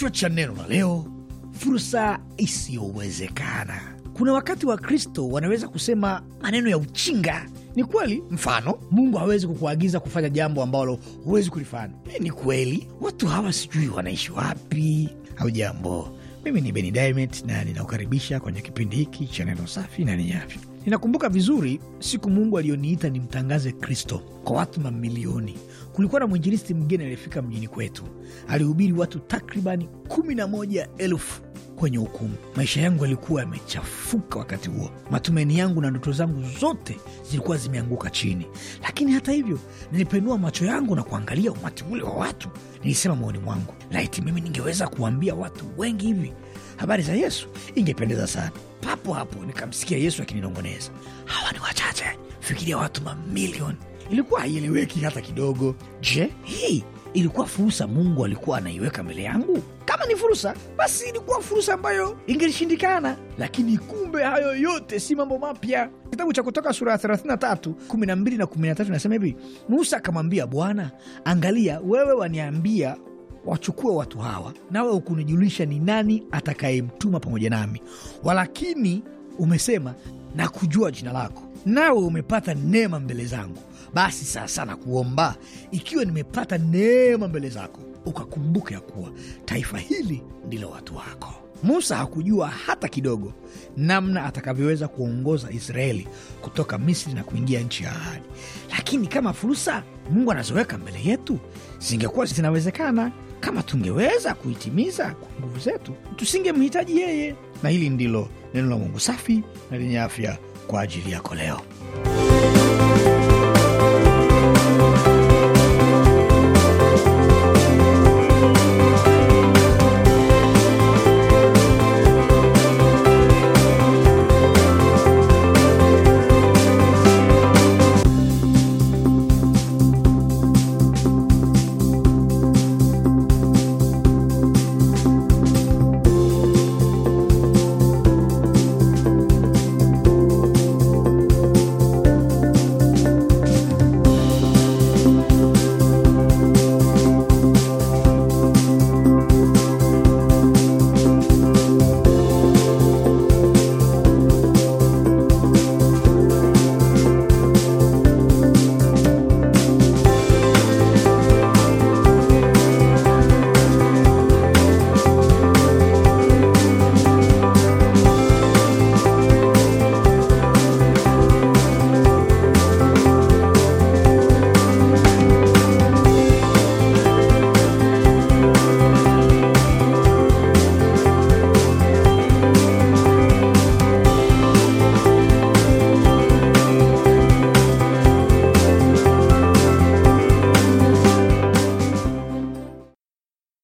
Kichwa cha neno la leo: fursa isiyowezekana. Kuna wakati Wakristo wanaweza kusema maneno ya uchinga. Ni kweli. Mfano, Mungu hawezi kukuagiza kufanya jambo ambalo huwezi kulifanya. E, ni kweli. Watu hawa sijui wanaishi wapi au jambo. Mimi ni Beni na ninakukaribisha kwenye kipindi hiki cha neno safi na lenye afya. Ninakumbuka vizuri siku Mungu aliyoniita nimtangaze Kristo kwa watu mamilioni. Kulikuwa na mwinjilisti mgeni aliyefika mjini kwetu, alihubiri watu takribani kumi na moja elfu kwenye hukumu. Maisha yangu yalikuwa yamechafuka wakati huo, matumaini yangu na ndoto zangu zote zilikuwa zimeanguka chini. Lakini hata hivyo, nilipenua macho yangu na kuangalia umati ule wa watu. Nilisema moyoni mwangu, laiti mimi ningeweza kuwaambia watu wengi hivi habari za Yesu, ingependeza sana. Papo hapo nikamsikia Yesu akininongoneza, hawa ni wachache, fikiria watu mamilioni. Ilikuwa haieleweki hata kidogo. Je, hii ilikuwa fursa Mungu alikuwa anaiweka mbele yangu? Kama ni fursa, basi ilikuwa fursa ambayo ingelishindikana. Lakini kumbe hayo yote si mambo mapya. Kitabu cha Kutoka sura ya 33 12 na 13 inasema hivi: Musa akamwambia Bwana, angalia, wewe waniambia wachukue watu hawa, nawe ukunijulisha ni nani atakayemtuma pamoja nami. Walakini umesema na kujua jina lako, nawe umepata neema mbele zangu. Basi sasa nakuomba, ikiwa nimepata neema mbele zako, ukakumbuka ya kuwa taifa hili ndilo watu wako. Musa hakujua hata kidogo namna atakavyoweza kuongoza Israeli kutoka Misri na kuingia nchi ya ahadi, lakini kama fursa Mungu anazoweka mbele yetu zingekuwa zinawezekana. Kama tungeweza kuitimiza kwa nguvu zetu, tusingemhitaji yeye. Na hili ndilo neno la Mungu safi na lenye afya kwa ajili yako leo.